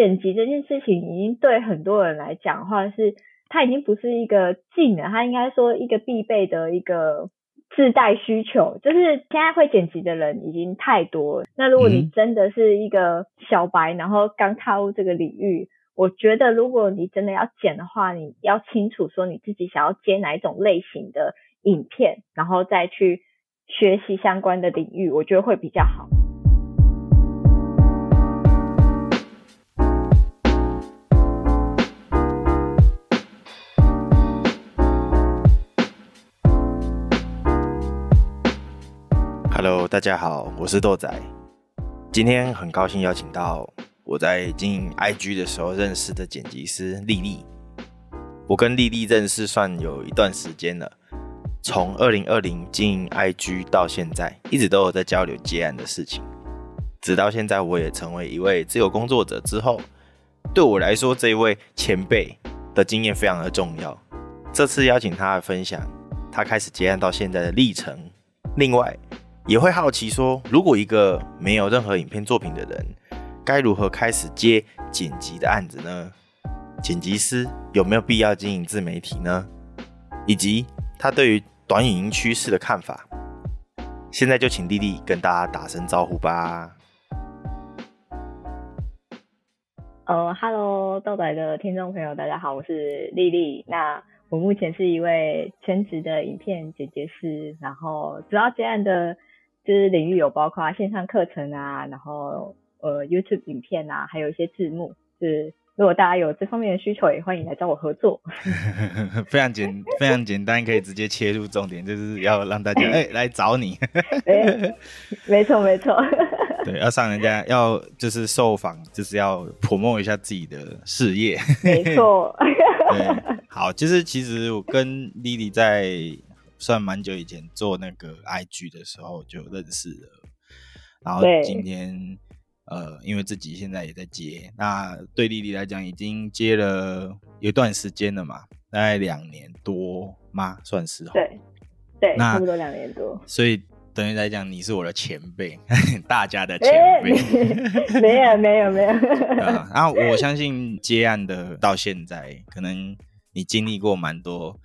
剪輯這件事情已經對很多人來講的話是，它已經不是一個技能，它應該說一個必備的一個自帶需求。就是現在會剪輯的人已經太多了。那如果你真的是一個小白，然後剛踏入這個領域，我覺得如果你真的要剪的話，你要清楚說你自己想要接哪一種類型的影片，然後再去學習相關的領域，我覺得會比較好。大家好，我是豆仔。今天很高興邀請到我在經營 IG 的時候認識的剪輯師莉莉。我跟莉莉認識算有一段時間了，從二零二零經營 IG 到現在，一直都有在交流接案的事情。直到現在，我也成為一位自由工作者之後，對我來說，這一位前輩的經驗非常的重要。這次邀請他的分享他開始接案到現在的歷程。另外，也會好奇說，如果一個沒有任何影片作品的人，該如何開始接剪輯的案子呢？剪輯師有沒有必要經營自媒體呢？以及他對於短影音趨勢的看法？現在就請莉莉跟大家打聲招呼吧。呃，Hello，到來的聽眾朋友，大家好，我是莉莉。那我目前是一位全職的影片剪輯師，然後主要接案的。就是領域有包括線上課程啊，然後呃 YouTube 影片啊，還有一些字幕。就是如果大家有這方面的需求，也歡迎來找我合作。非常簡非常簡單，可以直接切入重點，就是要讓大家哎、 欸、來找你。 欸、沒錯沒錯， 對，要上人家要就是受訪，就是要 promote 一下自己的事業。 沒錯錯。 好，就是其實我跟莉莉在。算蠻久以前做那個 IG 的時候就認識了，然後今天對呃，因為自己現在也在接，那對莉莉來講已經接了有段時間了嘛，大概兩年多嗎？算是哈？對對，那差不多兩年多。所以等於來講，你是我的前輩，大家的前輩，欸 沒有沒有沒有。然後、啊 啊、我相信接案的到現在，可能你經歷過蠻多。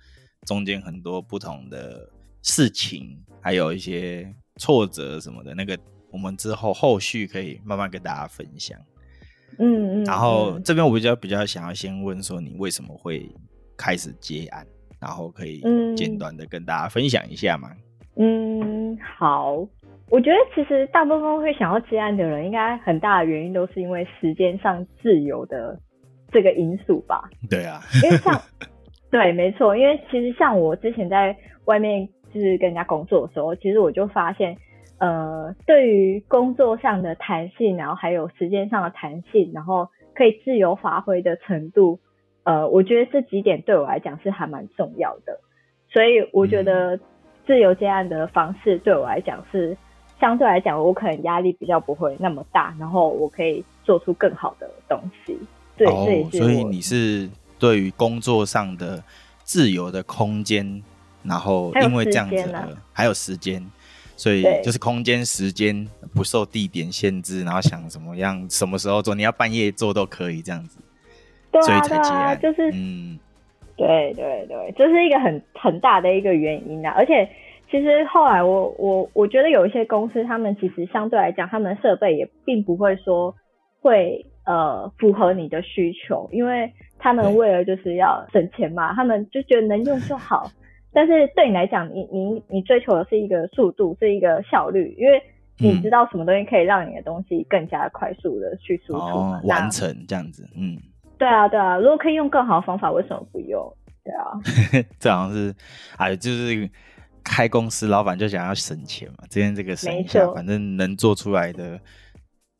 中間很多不同的事情，還有一些挫折什麼的，那個我們之後後續可以慢慢跟大家分享。嗯，然後這邊我比較比較想要先問說，你為什麼會開始接案？然後可以簡短的跟大家分享一下嘛？嗯，嗯，好。我覺得其實大部分會想要接案的人，應該很大的原因都是因為時間上自由的這個因素吧？對啊，因為像。 對，沒錯，因為其實像我之前在外面就是跟人家工作的時候，其實我就發現，呃，對於工作上的彈性，然後還有時間上的彈性，然後可以自由發揮的程度，呃，我覺得這幾點對我來講是還蠻重要的。所以我覺得自由接案的方式對我來講是相對來講我可能壓力比較不會那麼大，然後我可以做出更好的東西。對，哦，這也是我。所以你是。對於工作上的自由的空間，然後因為這樣子的，還有，啊、還有時間，所以就是空間、時間不受地點限制，對然後想怎麼樣、什麼時候做，你要半夜做都可以，這樣子，對啊、所以才接案、啊。就是嗯，對對對，這、就是一個很很大的一個原因啊。而且其實後來我我我覺得有一些公司，他們其實相對來講，他們的設備也並不會說會。呃，符合你的需求，因為他們為了就是要省錢嘛，對他們就覺得能用就好。 但是對你來講，你你你追求的是一個速度，是一個效率，因為你知道什麼東西可以讓你的東西更加快速的去輸出、哦、那完成，這樣子，嗯，對啊，對啊，如果可以用更好的方法，為什麼不用？對啊， 這好像是，哎、啊，就是開公司老闆就想要省錢嘛，今天這個省沒錯錯，反正能做出來的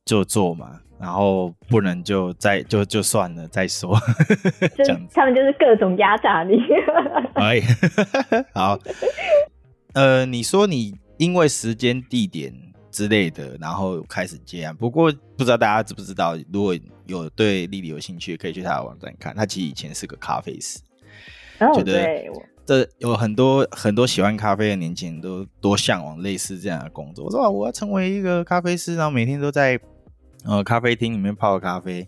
就做嘛。然後不能就再就就算了再說，他們就是各種壓榨你。哎，好， 呃，你說你因為時間地點之類的，然後開始這樣，不過不知道大家知不知道，如果有對莉莉有興趣，可以去她的網站看。她其實以前是個咖啡師，oh, 覺得這有很多對很多喜歡咖啡的年輕人都多向往類似這樣的工作。我說啊，我要成為一個咖啡師，然後每天都在。呃，咖啡廳裡面泡咖啡，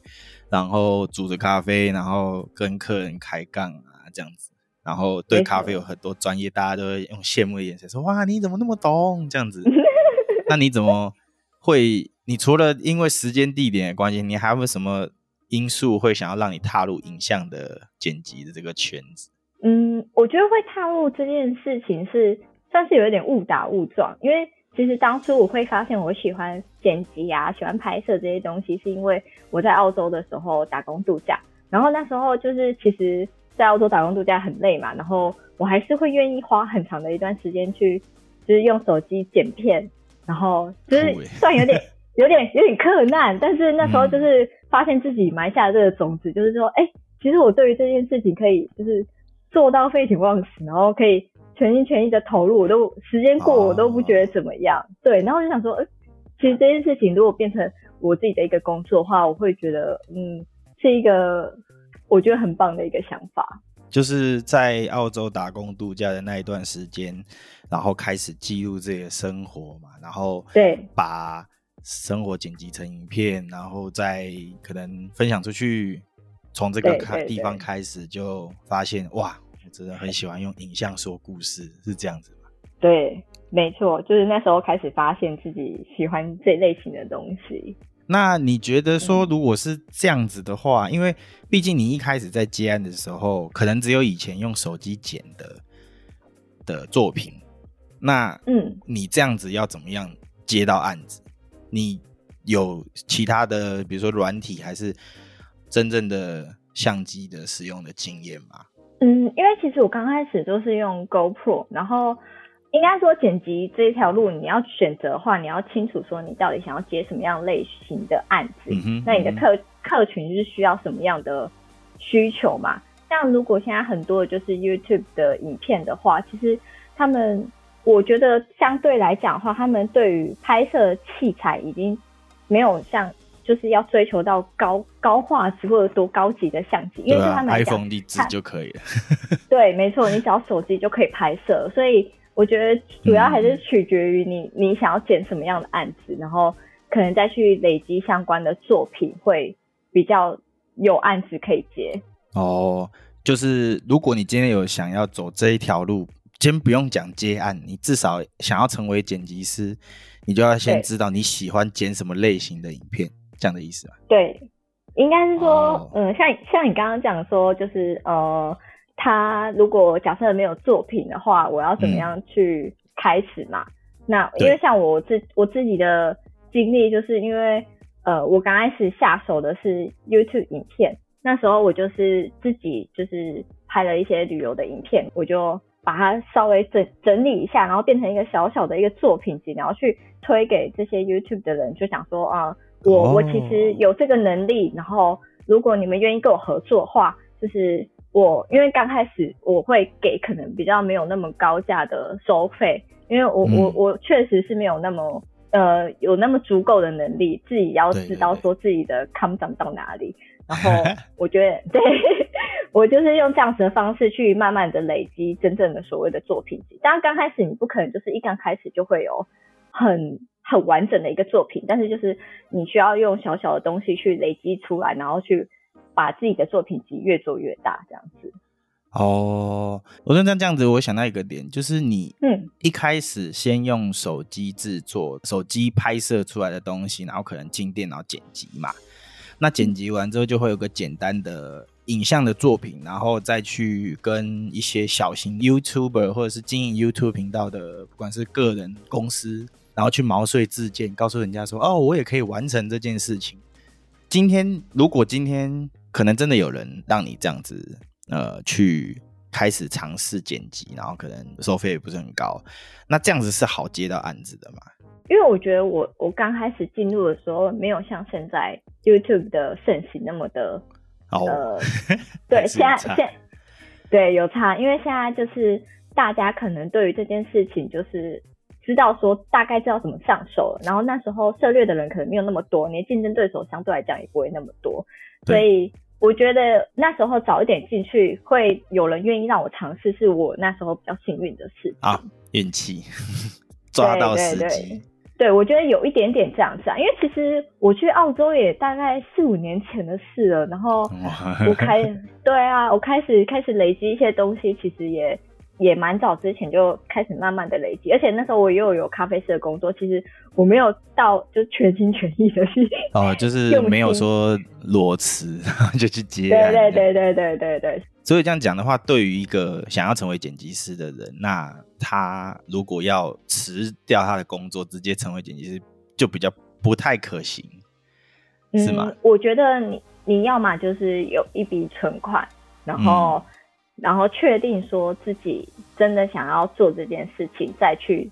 然後煮着咖啡，然後跟客人開槓啊，這樣子，然後對咖啡有很多專業，大家都會用羨慕的眼神說：“哇，你怎麼那麼懂？”這樣子， 那你怎麼會？你除了因為時間地點的關係，你還有什麼因素會想要讓你踏入影像的剪輯的這個圈子？嗯，我覺得會踏入這件事情是算是有一點誤打誤撞，因為。其實當初我會發現我喜歡剪輯啊，喜歡拍攝這些東西，是因為我在澳洲的時候打工度假。然後那時候就是其實在澳洲打工度假很累嘛，然後我還是會願意花很長的一段時間去，就是用手機剪片，然後就是算有點、對 有點、有點困難。但是那時候就是發現自己埋下了這個種子，嗯、就是說，哎、欸，其實我對於這件事情可以就是做到廢寢忘食，然後可以。全心全意的投入，我都時間過，我都不覺得怎麼樣。哦、對，然後我就想說，呃，其實這件事情如果變成我自己的一個工作的話，我會覺得，嗯，是一個我覺得很棒的一個想法。就是在澳洲打工度假的那一段時間，然後開始記錄自己的生活嘛，然後對，把生活剪輯成影片，然後再可能分享出去。從這個開地方開始，就發現對對對哇。真的很喜歡用影像說故事，對是這樣子嗎？對，沒錯，就是那時候開始發現自己喜歡這類型的東西。那你覺得說，如果是這樣子的話，嗯、因為畢竟你一開始在接案的時候，可能只有以前用手機剪的的作品。那嗯，你這樣子要怎麼樣接到案子？嗯、你有其他的，比如說軟體，還是真正的相機的使用的經驗嗎？嗯，因為其實我剛開始都是用 GoPro，然後應該說剪輯這一條路，你要選擇的話，你要清楚說你到底想要接什麼樣類型的案子，那你的客客群是需要什麼樣的需求嘛？像如果現在很多的就是 YouTube 的影片的話，其實他們我覺得相對來講的話，他們對於拍攝器材已經沒有像。就是要追求到高高畫質或者多高級的相機，因為是他們買、啊、iPhone 的機就可以了。看 對，沒錯，你只要手機就可以拍攝。所以我覺得主要還是取決於你、嗯、你想要剪什麼樣的案子，然後可能再去累積相關的作品，會比較有案子可以接。哦，就是如果你今天有想要走這一條路，先不用講接案，你至少想要成為剪輯師，你就要先知道你喜歡剪什麼類型的影片。這樣的意思啊？對，應該是說，Oh. 嗯，像像你剛剛講說，就是呃，他如果假設沒有作品的話，我要怎麼樣去開始嘛？嗯、那因為像我自對我自己的經歷，就是因為呃，我剛開始下手的是 YouTube 影片，那時候我就是自己就是拍了一些旅遊的影片，我就把它稍微整整理一下，然後變成一個小小的一個作品集，然後去推給這些 YouTube 的人，就想說啊。呃我我其實有這個能力，然後如果你們願意跟我合作的話，就是我因為剛開始我會給可能比較沒有那麼高價的收費，因為我、嗯、我我確實是沒有那麼呃有那麼足夠的能力，自己要知道說自己的 come up 到哪裡，然後我覺得 對，我就是用這樣子的方式去慢慢的累積真正的所謂的作品集，當然剛開始你不可能就是一剛開始就會有很。很完整的一個作品，但是就是你需要用小小的東西去累積出來，然後去把自己的作品集越做越大，這樣子。哦，我說這樣、這樣子，我想到一個點，就是你，嗯，一開始先用手機製作，嗯、手機拍攝出來的東西，然後可能進電腦剪輯嘛。那剪輯完之後，就會有個簡單的影像的作品，然後再去跟一些小型 YouTuber 或者是經營 YouTube 頻道的，不管是個人公司。然後去毛遂自薦，告訴人家說：“哦，我也可以完成這件事情。”今天如果今天可能真的有人讓你這樣子，呃，去開始嘗試剪輯，然後可能收費也不是很高，那這樣子是好接到案子的嘛？因為我覺得我我剛開始進入的時候，沒有像現在 YouTube 的盛行那麼的，好。對，現在現在對有差，因為現在就是大家可能對於這件事情就是。知道說，大概知道怎麼上手，然後那時候涉獵的人可能沒有那麼多，你競爭對手相對來講也不會那麼多，對所以我覺得那時候早一點進去會有人願意讓我嘗試，是我那時候比較幸運的事。啊，運氣抓到時機。對對對，對我覺得有一點點這樣子，啊，因為其實我去澳洲也大概四五年前的事了，然後我開，哇 對啊，我開始，我開始，開始累積一些東西，其實也。也蠻早之前就開始慢慢的累積，而且那時候我又有咖啡師的工作，其實我沒有到就全心全意的去，哦，就是沒有說裸辭心 就去接，對對對對對對對。所以這樣講的話，對於一個想要成為剪輯師的人，那他如果要辭掉他的工作直接成為剪輯師，就比較不太可行，是嗎？嗯，我覺得你你要嘛就是有一筆存款，然後，嗯。然後確定說自己真的想要做這件事情，再去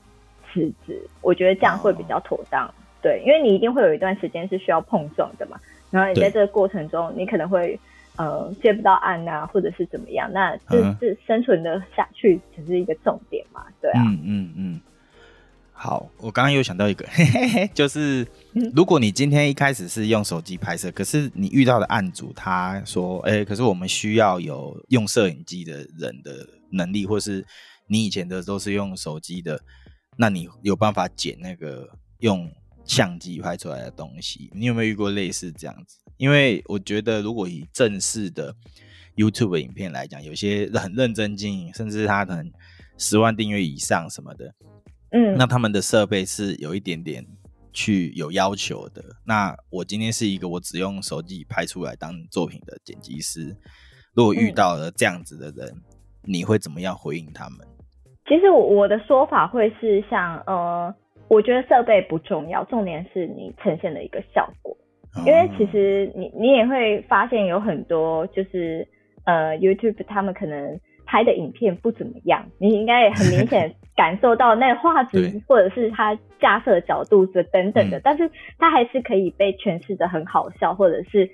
辭職，我覺得這樣會比較妥當，Oh. 對，因為你一定會有一段時間是需要碰撞的嘛，然後你在這個過程中，你可能會對呃接不到案啊，或者是怎麼樣，那這、Uh-huh. 這生存的下去只是一個重點嘛，對啊。嗯嗯。嗯嗯好，我剛剛又想到一個，嘿嘿嘿，就是如果你今天一開始是用手機拍攝，可是你遇到的案主他說，哎、欸，可是我們需要有用攝影機的人的能力，或是你以前的都是用手機的，那你有辦法剪那個用相機拍出來的東西？你有沒有遇過類似這樣子？因為我覺得，如果以正式的 YouTube 影片來講，有些很認真經營，甚至他可能十萬訂閱以上什麼的。嗯，那他們的設備是有一點點去有要求的。那我今天是一個我只用手機拍出來當作品的剪輯師，如果遇到了這樣子的人，嗯，你會怎麼樣回應他們？其實我我的說法會是像呃，我覺得設備不重要，重點是你呈現的一個效果。因為其實你你也會發現有很多就是呃 YouTube 他們可能。拍的影片不怎麼樣，你應該也很明顯感受到那畫質或者是它架設的角度是等等的，嗯、但是它還是可以被詮釋得很好笑，或者是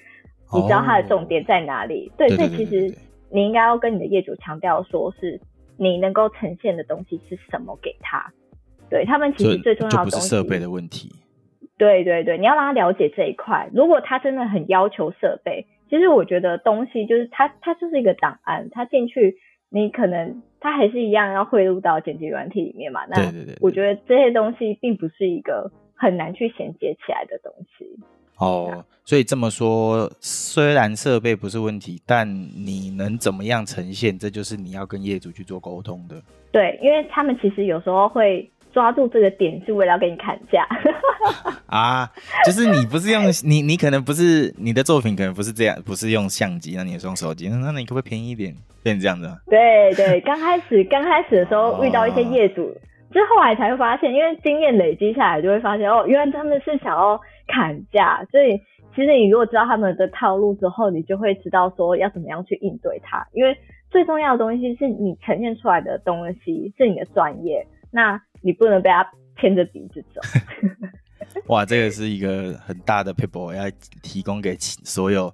你知道它的重點在哪裡？哦、對，所以其實你應該要跟你的業主強調，說是你能夠呈現的東西是什麼給他。對他們其實最重要的東西不是設備的問題。對對對，你要讓他了解這一塊。如果他真的很要求設備，其實我覺得東西就是他，他就是一個檔案，他進去。你可能它還是一樣要匯入到剪輯軟體裡面嘛？那對對對，我覺得這些東西並不是一個很難去銜接起來的東西。哦，所以這麼說，雖然設備不是問題，但你能怎麼樣呈現，這就是你要跟業主去做溝通的。對，因為他們其實有時候會。抓住這個點是為了要給你砍價 啊！就是你不是用你，你可能不是你的作品，可能不是這樣，不是用相機，那你是用手機，那那你可不可以便宜一點，變這樣子對？對對，剛開始剛 開始的時候遇到一些業主，哦、之後來才會發現，因為經驗累積下來就會發現哦，原來他們是想要砍價，所以其實你如果知道他們的套路之後，你就會知道說要怎麼樣去應對他，因為最重要的東西是你呈現出來的東西是你的專業。那你不能被他牽着鼻子走。哇，這個是一個很大的 paper 要提供給所有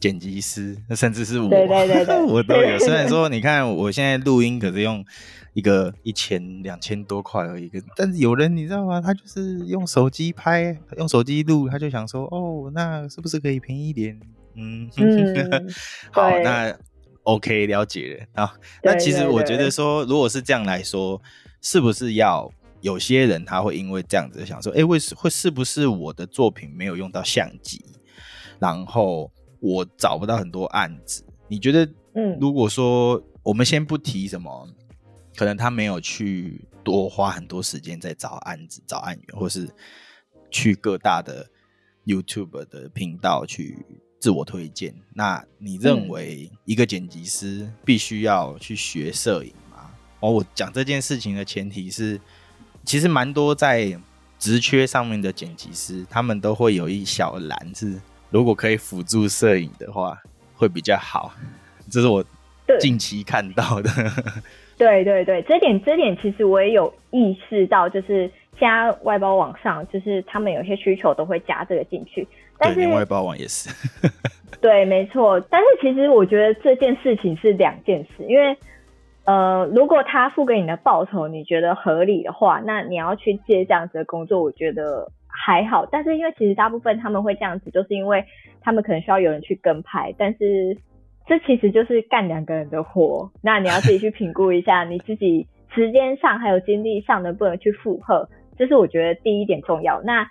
剪輯師，那甚至是我，對對對對 我都有。對對對對，雖然說，你看我現在錄音可是用一個一千兩千多塊而已。但是有人你知道嗎？他就是用手機拍，用手機錄，他就想說，哦，那是不是可以便宜一點？嗯，嗯 好，對那 OK，了解了啊。那其實我覺得說，對對對，如果是這樣來說。是不是要有些人他會因為這樣子想說，誒、欸，為是會是不是我的作品沒有用到相機，然後我找不到很多案子？你覺得，嗯，如果說我們先不提什麼，嗯、可能他沒有去多花很多時間在找案子，找案源，或是去各大的 YouTube 的頻道去自我推薦。那你認為一個剪輯師必須要去學攝影？嗯哦，我講這件事情的前提是，其實蠻多在職缺上面的剪輯師，他們都會有一小欄，如果可以輔助攝影的話，會比較好。這是我近期看到的。對，對對對，這點這點其實我也有意識到，就是加外包網上，就是他們有些需求都會加這個進去。但是對，外包網也是。 對，沒錯。但是其實我覺得這件事情是兩件事，因為。呃，如果他付給你的報酬你覺得合理的話，那你要去接這樣子的工作，我覺得還好。但是因為其實大部分他們會這樣子，就是因為他們可能需要有人去跟拍，但是這其實就是幹兩個人的活。那你要自己去評估一下，你自己時間上還有精力上能不能去負荷，這是我覺得第一點重要。那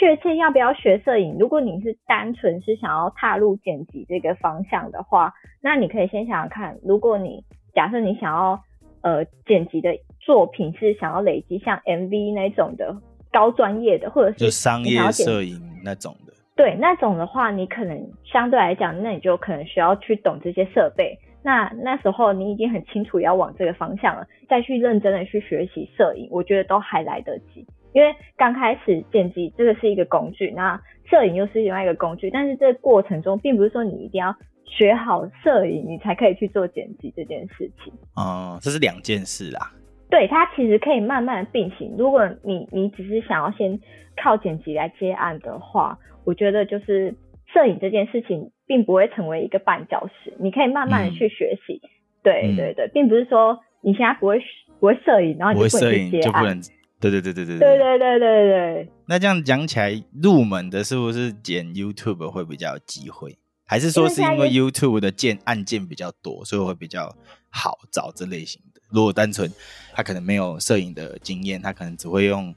確切要不要學攝影？如果你是單純是想要踏入剪輯這個方向的話，那你可以先想想看，如果你。假設你想要，呃，剪輯的作品是想要累積像 MV 那種的高專業的，或者是就商業攝影那種的。對，那種的話，你可能相對來講，那你就可能需要去懂這些設備。那那時候你已經很清楚要往這個方向了，再去認真的去學習攝影，我覺得都還來得及。因為剛開始剪輯這個是一個工具，那攝影又是另外一個工具。但是這個過程中，並不是說你一定要。學好攝影，你才可以去做剪輯這件事情哦。這是兩件事啊。對，它其實可以慢慢的並行。如果你你只是想要先靠剪輯來接案的話，我覺得就是攝影這件事情並不會成為一個絆腳石。你可以慢慢的去學習。嗯、對，對對對，嗯、並不是說你現在不會不會攝影，然後你不會攝影就不能。對對對對對對對對對對對對。那這樣講起來，入門的是不是，是剪 YouTube 會比較有機會？還是說是因為 YouTube 的案件比較多，所以會比較好找這類型的。如果單純他可能沒有攝影的經驗，他可能只會用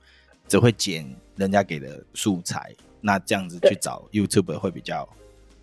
只會剪人家給的素材，那這樣子去找 YouTuber 會比較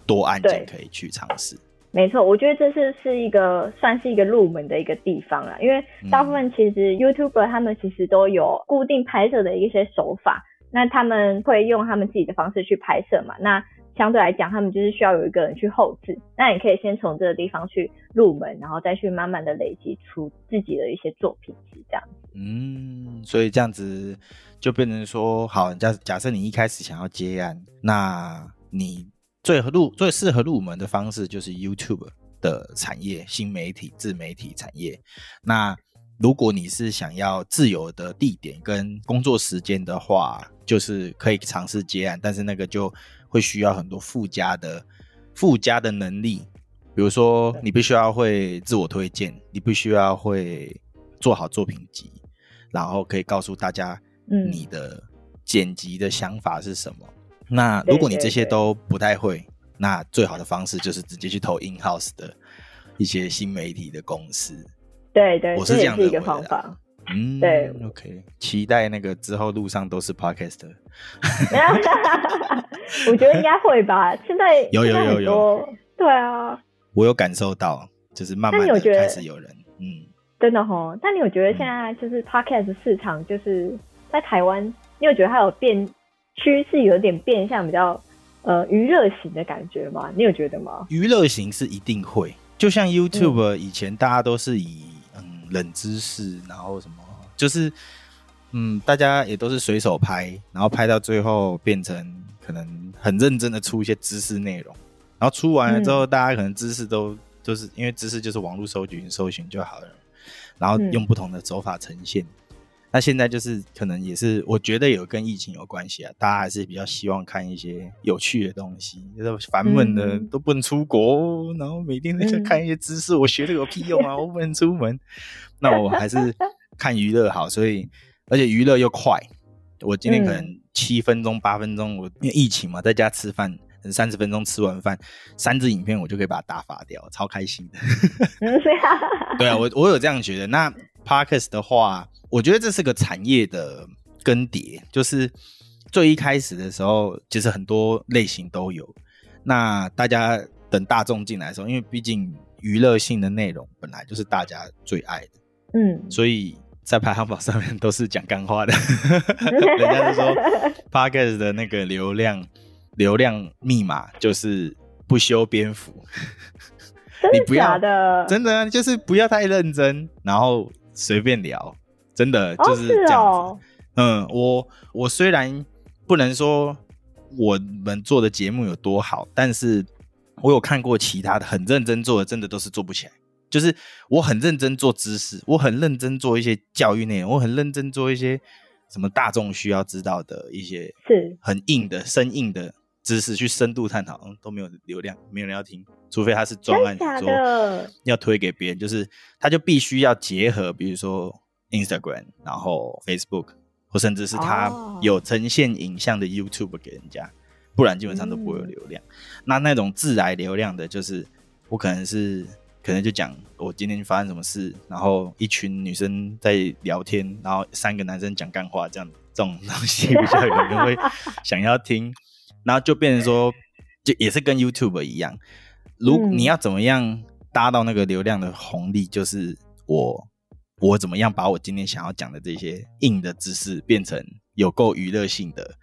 多案件可以去嘗試？沒錯，我覺得這是是一個算是一個入門的一個地方了，啊，因為大部分其實 YouTuber 他們其實都有固定拍攝的一些手法，那他們會用他們自己的方式去拍攝嘛，那。相對來講，他們就是需要有一個人去後製。那，你可以先從這個地方去入門，然後再去慢慢的累積出自己的一些作品集這樣子，嗯，所以這樣子就變成說，好，假假設你一開始想要接案，那你最入最適合入門的方式就是 YouTube 的產業、新媒體、自媒體產業。那如果你是想要自由的地點跟工作時間的話，就是可以嘗試接案，但是那個就。會需要很多附加的附加的能力，比如說你必須要會自我推薦，你必須要會做好作品集，然後可以告訴大家你的剪輯的想法是什麼？嗯、那如果你這些都不太會，對對對，那最好的方式就是直接去投 in house 的一些新媒體的公司。對對，我是這樣的這一個方法。嗯，對，OK，期待那個之後路上都是 podcaster 我覺得應該會吧。現在，現在有有有有，對啊，我有感受到，就是慢慢就開始有人，有嗯，真的哈、哦。但你有覺得現在就是 podcast 市場，就是在台灣，嗯、你有覺得它有變趨勢，趨勢有點變相，比較呃娛樂型的感覺嗎？你有覺得嗎？娛樂型是一定會，就像 YouTube 以前大家都是以嗯冷知識，然後什麼，就是嗯大家也都是隨手拍，然後拍到最後變成。可能很認真的出一些知識內容，然後出完了之後，大家可能知識都就是、嗯、因為知識就是網絡搜尋搜尋就好了，然後用不同的走法呈現。嗯、那現在就是可能也是我覺得有跟疫情有關係啊，大家還是比較希望看一些有趣的東西，就煩悶的都不能出國，嗯、然後每天在看一些知識，我學的有屁用啊，嗯、我不能出門， 那我還是看娛樂好，所以而且娛樂又快。我今天可能七分鐘八分鐘，我因為疫情嘛，在家吃飯，三十分鐘吃完飯，三支影片我就可以把它打發掉，超開心的。對啊，對啊，我我有這樣覺得。那 Podcast 的話，我覺得這是個產業的更迭，就是最一開始的時候，其實很多類型都有。那大家等大眾進來的時候，因為畢竟娛樂性的內容本來就是大家最愛的，嗯，所以。在排行榜上面都是講幹話的， 人家就說 podcast 的那個流量、流量密碼就是不修邊幅， 的的你不要的，真的就是不要太認真，然後隨便聊，真的就是這樣子。哦哦、嗯，我我雖然不能說我們做的節目有多好，但是我有看過其他的很認真做的，真的都是做不起來。就是我很認真做知識，我很認真做一些教育內容，我很認真做一些什麼大眾需要知道的一些是很硬的生是硬的知識去深度探討，嗯，都沒有流量，沒有人要聽，除非他是專案組，要推給別人，就是他就必須要結合，比如說 Instagram，然後 Facebook，或甚至是他有呈現影像的 YouTube 給人家，哦、不然基本上都不會有流量。嗯、那那種自然流量的，就是我可能是。可能就講我今天發生什麼事，然後一群女生在聊天，然後三個男生講幹話，這樣這種東西比較有人會想要聽， 然後就變成說，就也是跟 YouTube 一樣，如你要怎麼樣搭到那個流量的紅利，就是我我怎麼樣把我今天想要講的這些硬的知識變成有夠娛樂性的。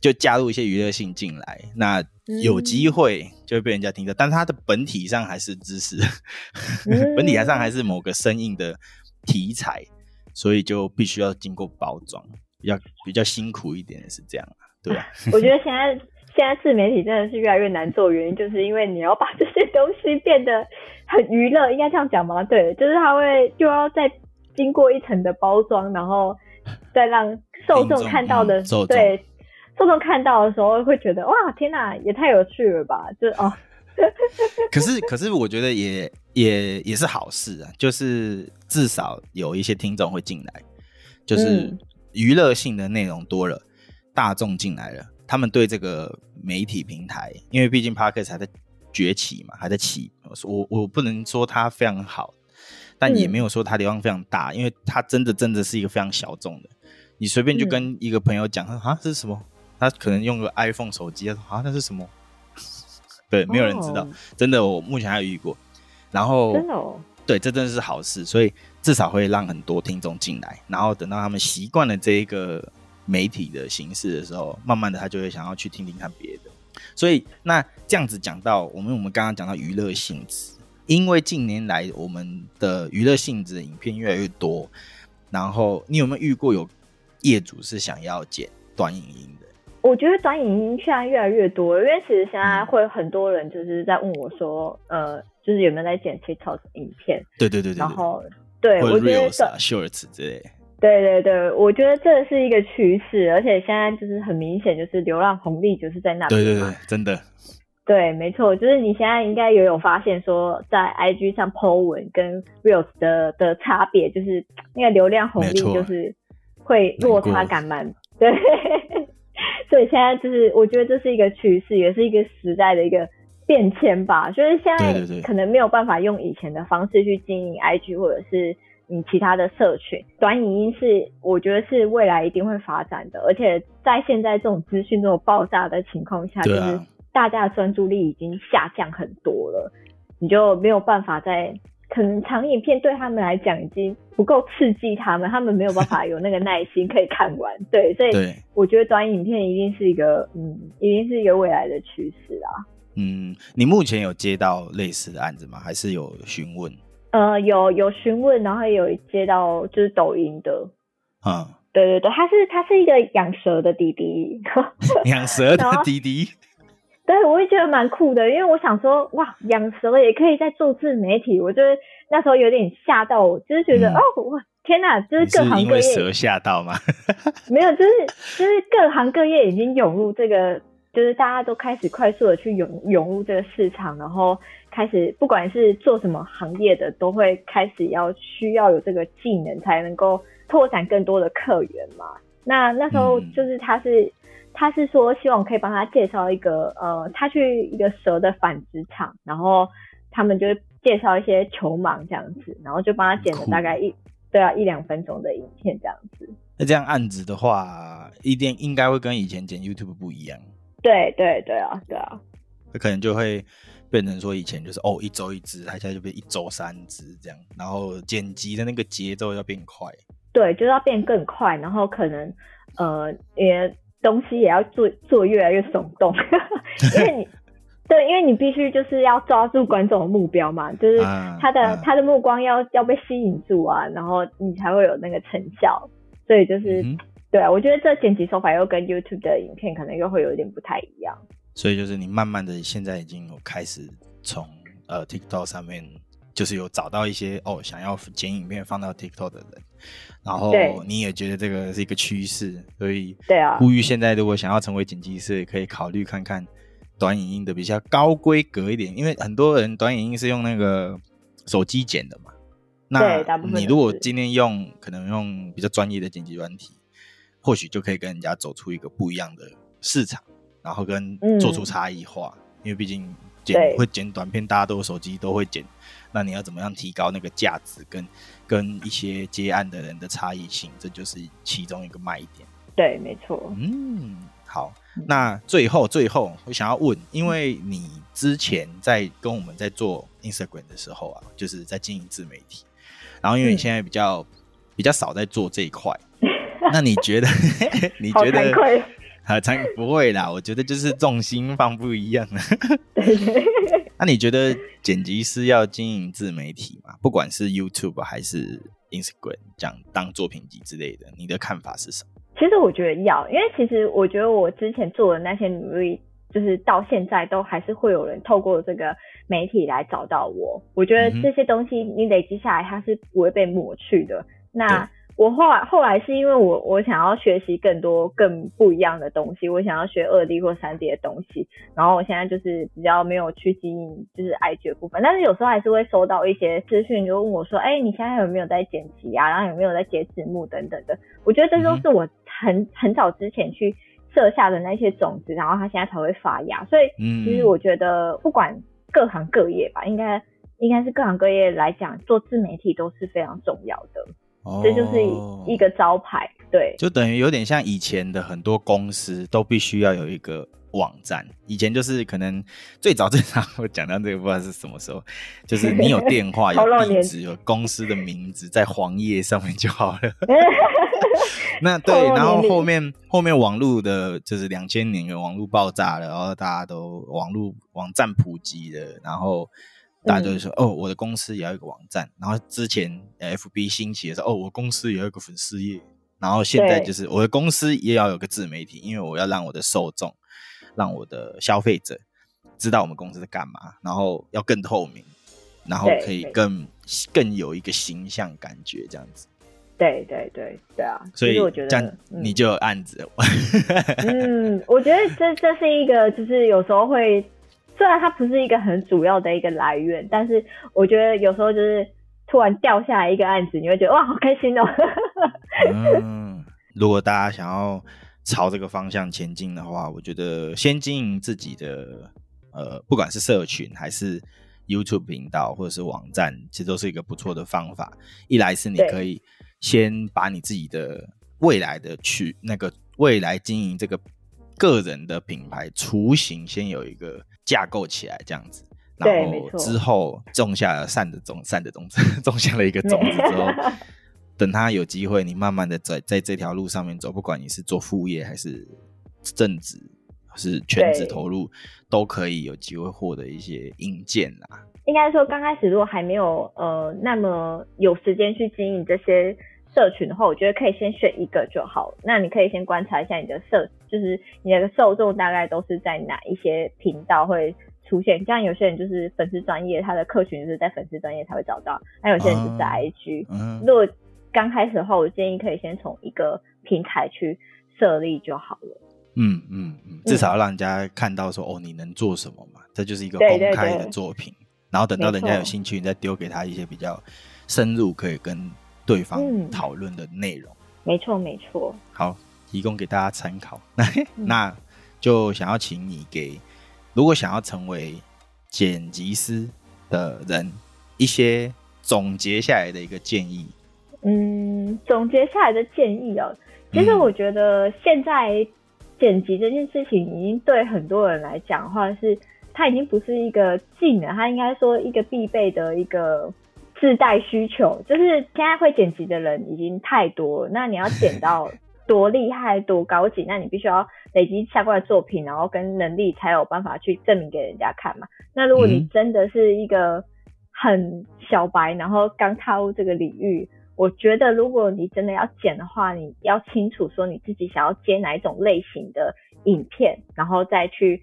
就加入一些娛樂性進來，那有機會就會被人家聽到，嗯、但它的本體上還是知識，嗯、本體上還是某個生硬的題材，所以就必須要經過包裝，比較比較辛苦一點，是這樣啊，對吧？我覺得現在現在自媒體真的是越來越難做，原因就是因為你要把這些東西變得很娛樂，應該這樣講嗎？對，就是他會又要再經過一層的包裝，然後再讓受眾看到的、嗯、受眾、對。受眾看到的時候會覺得哇天哪，也太有趣了吧！就哦 是哦，可是可是，我覺得也也也是好事啊，就是至少有一些聽眾會進來，就是娛樂性的內容多了，嗯、大眾進來了，他們對這個媒體平台，因為畢竟 Podcast 還在崛起嘛，還在起，我我不能說它非常好，但也沒有說它流量非常大，嗯、因為它真的真的是一個非常小眾的，你隨便就跟一個朋友講說、嗯、啊，這是什麼？他可能用個 iPhone 手機，說啊，那是什麼？ 對，沒有人知道。Oh. 真的，我目前還有遇過。然後，真的哦，對，這真的是好事，所以至少會讓很多聽眾進來。然後等到他們習慣了這一個媒體的形式的時候，慢慢的他就會想要去聽聽看別的。所以那這樣子講到我們，我們剛剛講到娛樂性質，因為近年來我們的娛樂性質影片越來越多。Oh. 然後你有沒有遇過有業主是想要剪短影音的？我覺得短影音現在越來越多，因為其實現在會很多人就是在問我說，嗯、呃，就是有沒有在剪 TikTok 影片？對對對，對，對，然後對或者我覺得、Reels 啊、Shorts 之類。對對對，我覺得這是一個趨勢，而且現在就是很明顯，就是流量紅利就是在那邊、啊。對對對，真的。對，沒錯，就是你現在應該也有發現，說在 IG 上 po 文跟 reels 的的差別，就是那個流量紅利就是會落差感蠻。對對，現在就是我覺得這是一個趨勢，也是一個時代的一個變遷吧。就是現在可能沒有辦法用以前的方式去經營 IG 或者是你其他的社群，短影音是我覺得是未來一定會發展的。而且在現在這種資訊這種爆炸的情況下，就是大家的專注力已經下降很多了，你就沒有辦法再。可能長影片對他們來講已經不夠刺激他們，他們沒有辦法有那個耐心可以看完。 對，所以我覺得短影片一定是一個，嗯，一定是一個未來的趨勢啊。嗯，你目前有接到類似的案子嗎？還是有詢問？呃，有有詢問，然後有接到就是抖音的。啊、嗯，對對對，他是他是一個養蛇的弟弟， 養蛇的弟弟。對，我也覺得蠻酷的，因為我想說，哇，養蛇也可以在做自媒體。我就是那時候有點嚇到我，就是覺得，嗯、哦，天哪！就是各行各業，你是因為蛇嚇到嗎？ 沒有，就是就是各行各業已經湧入這個，就是大家都開始快速的去湧湧入這個市場，然後開始不管是做什麼行業的，都會開始要需要有這個技能，才能夠拓展更多的客源嘛。那那時候就是他是。嗯他是說希望可以幫他介紹一個，呃，他去一個蛇的繁殖場，然後他們就介紹一些球蟒這樣子，然後就幫他剪了大概一，都要酷、對啊、一兩分鐘的影片這樣子。那這樣案子的話，一定應該會跟以前剪 YouTube 不一樣。對對對啊，對啊。他可能就會變成說以前就是哦一周一支，他現在就變一周三支這樣，然後剪輯的那個節奏要變快。對，就是要變更快，然後可能，呃，也。東西也要做做越來越聳動， 因為你 對，因為你必須就是要抓住觀眾的目標嘛，就是他的、啊啊、他的目光要要被吸引住啊，然後你才會有那個成效。所以就是、嗯、哼對啊，我覺得這剪輯手法又跟 YouTube 的影片可能又會有點不太一樣。所以就是你慢慢的現在已經有開始從呃 TikTok 上面。就是有找到一些哦，想要剪影片放到 TikTok 的人，然後你也覺得這個是一個趨勢，所以呼籲現在如果想要成為剪輯師，可以考慮看看短影音的比較高規格一點，因為很多人短影音是用那個手機剪的嘛，那你如果今天用可能用比較專業的剪輯軟體，或許就可以跟人家走出一個不一樣的市場，然後跟做出差異化，嗯、因為畢竟剪對會剪短片，大家都有手機都會剪。那你要怎麼樣提高那個價值跟跟一些接案的人的差異性？這就是其中一個賣點。對，沒錯。嗯，好。那最後最後，我想要問，因為你之前在跟我們在做 Instagram 的時候啊，就是在經營自媒體，然後因為你現在比較、嗯、比較少在做這一塊， 那你覺得 你覺得、好慚愧、啊、不會啦，我覺得就是重心放不一樣了。 那、啊、你覺得剪輯師要經營自媒體嗎？不管是 YouTube 還是 Instagram，講當作品集之類的，你的看法是什麼？其實我覺得要，因為其實我覺得我之前做的那些努力，就是到現在都還是會有人透過這個媒體來找到我。我覺得這些東西你累積下來，它是不會被抹去的。那。我後來後來是因為我我想要學習更多更不一樣的東西，我想要學 2D 或 3D 的東西。然後我現在就是比較沒有去經營就是 IG 的部分，但是有時候還是會收到一些私訊，就問我說：“哎、欸，你現在有沒有在剪輯啊？然後有沒有在接字幕等等的？”我覺得這都是我很很早之前去設下的那些種子，然後它現在才會發芽。所以其實我覺得不管各行各業吧，應該應該是各行各業來講，做自媒體都是非常重要的。這、oh, 就是一個招牌，對，就等於有點像以前的很多公司都必須要有一個網站。以前就是可能最早最早我講到這個不知道是什麼時候， 就是你有電話、 有地址、 有公司的名字在黃頁上面就好了。 那對，然後後面後面網絡的就是兩千年的網絡爆炸了，然後大家都網絡網站普及了，然後。大家就會說哦，我的公司也要一個網站。然後之前 F B 興起的時候，哦，我的公司也要一個粉絲頁。然後現在就是我的公司也要有個自媒體，對因為我要讓我的受眾、讓我的消費者知道我們公司在幹嘛，然後要更透明，然後可以更更有一個形象感覺這樣子。對對對對啊！所以這樣我覺得、嗯、你就有案子。 嗯，我覺得這這是一個，就是有時候會。雖然它不是一個很主要的一個來源，但是我覺得有時候就是突然掉下來一個案子，你會覺得哇，好開心哦。 嗯，如果大家想要朝這個方向前進的話，我覺得先經營自己的，呃，不管是社群還是 YouTube 頻道或者是網站，其實都是一個不錯的方法。一來是你可以先把你自己的未來的去對那個未來經營這個。個人的品牌雛形先有一個架構起來，這樣子，對然後之後種下了善的種，善的種子，種下了一個種子之後，沒 等他有機會，你慢慢的在在這條路上面走，不管你是做副業還是正職，還是全職投入，對都可以有機會獲得一些引薦，啊，應該說，剛開始如果還沒有呃那麼有時間去經營這些，社群的話，我覺得可以先選一個就好。那你可以先觀察一下你的社，就是你的受眾大概都是在哪一些頻道會出現。像有些人就是粉絲專頁，他的客群就是在粉絲專頁才會找到；那有些人就是在 IG、嗯。如果剛開始的話，我建議可以先從一個平台去設立就好了。嗯嗯嗯，至少要讓人家看到說、嗯、哦，你能做什麼嘛？這就是一個公開的作品。對對對，然後等到人家有興趣，沒錯。你再丟給他一些比較深入可以跟。對方討論的內容，嗯、沒錯沒錯。好，提供給大家參考。那 那就想要請你給，如果想要成為剪輯師的人，一些總結下來的一個建議。嗯，總結下來的建議哦，其實我覺得現在剪輯這件事情已經對很多人來講的話，是他已經不是一個技能，他應該說一個必備的一個。自帶需求，就是現在會剪輯的人已經太多了，那你要剪到多厲害、多高級，那你必須要累積相關的作品，然後跟能力才有辦法去證明給人家看嘛。那如果你真的是一個很小白，然後剛踏入這個領域，我覺得如果你真的要剪的話，你要清楚說你自己想要接哪一種類型的影片，然後再去。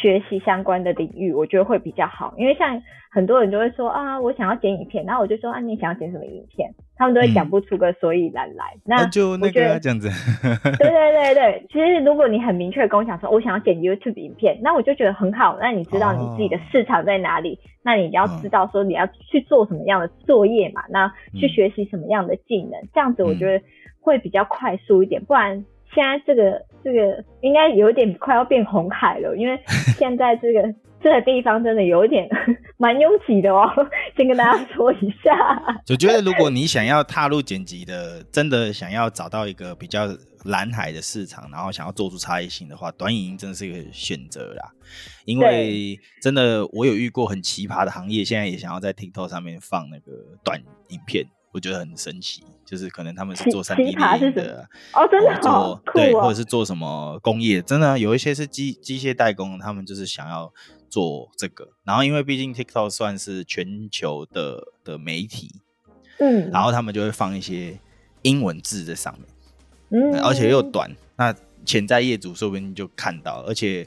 學習相關的領域，我覺得會比較好，因為像很多人就會說啊，我想要剪影片，然後我就說啊，你想要剪什麼影片？他們都會講不出個所以然來。嗯、那就那個這樣子。 對對對對，其實如果你很明確的跟我講說、哦，我想要剪 YouTube 影片，那我就覺得很好。那你知道你自己的市場在哪裡？哦、那你你要知道說你要去做什麼樣的作業嘛？嗯、那去學習什麼樣的技能？這樣子我覺得會比較快速一點。嗯、不然現在這個。這個應該有點快要變紅海了，因為現在這個 這個地方真的有點蠻擁擠的哦。先跟大家說一下， 我覺得如果你想要踏入剪輯的，真的想要找到一個比較藍海的市場，然後想要做出差異性的話，短影音真的是一個選擇啦。因為真的我有遇過很奇葩的行業，現在也想要在 TikTok 上面放那個短影片。我覺得很神奇，就是可能他們是做三 D 的做哦，真的好酷，哦、對，或者是做什麼工業，真的，啊、有一些是機機械代工，他們就是想要做這個。然後，因為畢竟 TikTok 算是全球的的媒體，嗯，然後他們就會放一些英文字在上面，嗯，而且又短，那潛在業主說不定就看到。而且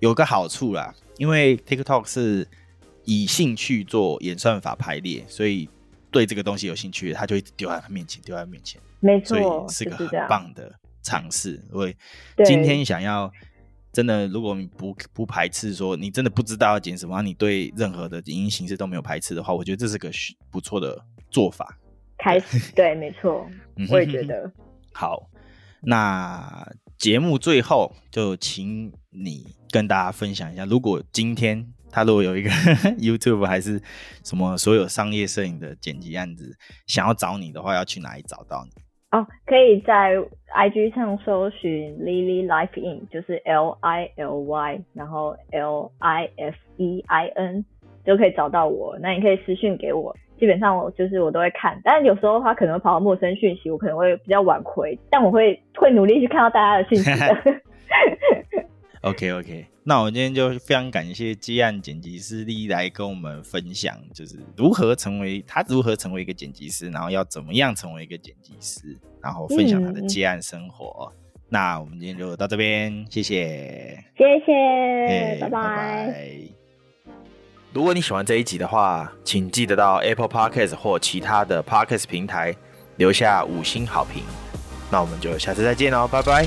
有個好處啦，因為 TikTok 是以興趣做演算法排列，所以。對這個東西有興趣，他就一直丟在他面前、丟在他面前，沒錯，所以是個很棒的嘗試。因為今天想要真的，如果你不不排斥說你真的不知道要剪什麼，你對任何的影音形式都沒有排斥的話，我覺得這是個不錯的做法。開始對，對，沒錯，我也 覺得。 好，那節目最後就請你跟大家分享一下，如果今天。他如果有一個呵呵 YouTube 還是什麼所有商業攝影的剪輯案子，想要找你的話，要去哪裡找到你？Oh, 可以在 IG 上搜尋 Lily Life In，就是 L I L Y，然後 L I F E I N，就可以找到我。那你可以私訊給我，基本上我就是我都會看，但有時候他可能會跑到陌生訊息，我可能會比較晚回，但我會會努力去看到大家的訊息的。 OK OK，那我今天就非常感謝接案剪輯師 Lily 來跟我們分享，就是如何成為他如何成為一個剪輯師，然後要怎麼樣成為一個剪輯師，然後分享他的接案生活。嗯、那我們今天就到這邊，謝謝，謝謝，對拜拜。如果你喜歡這一集的話，請記得到 Apple Podcast 或其他的 Podcast 平台留下五星好評。那我們就下次再見哦，拜拜。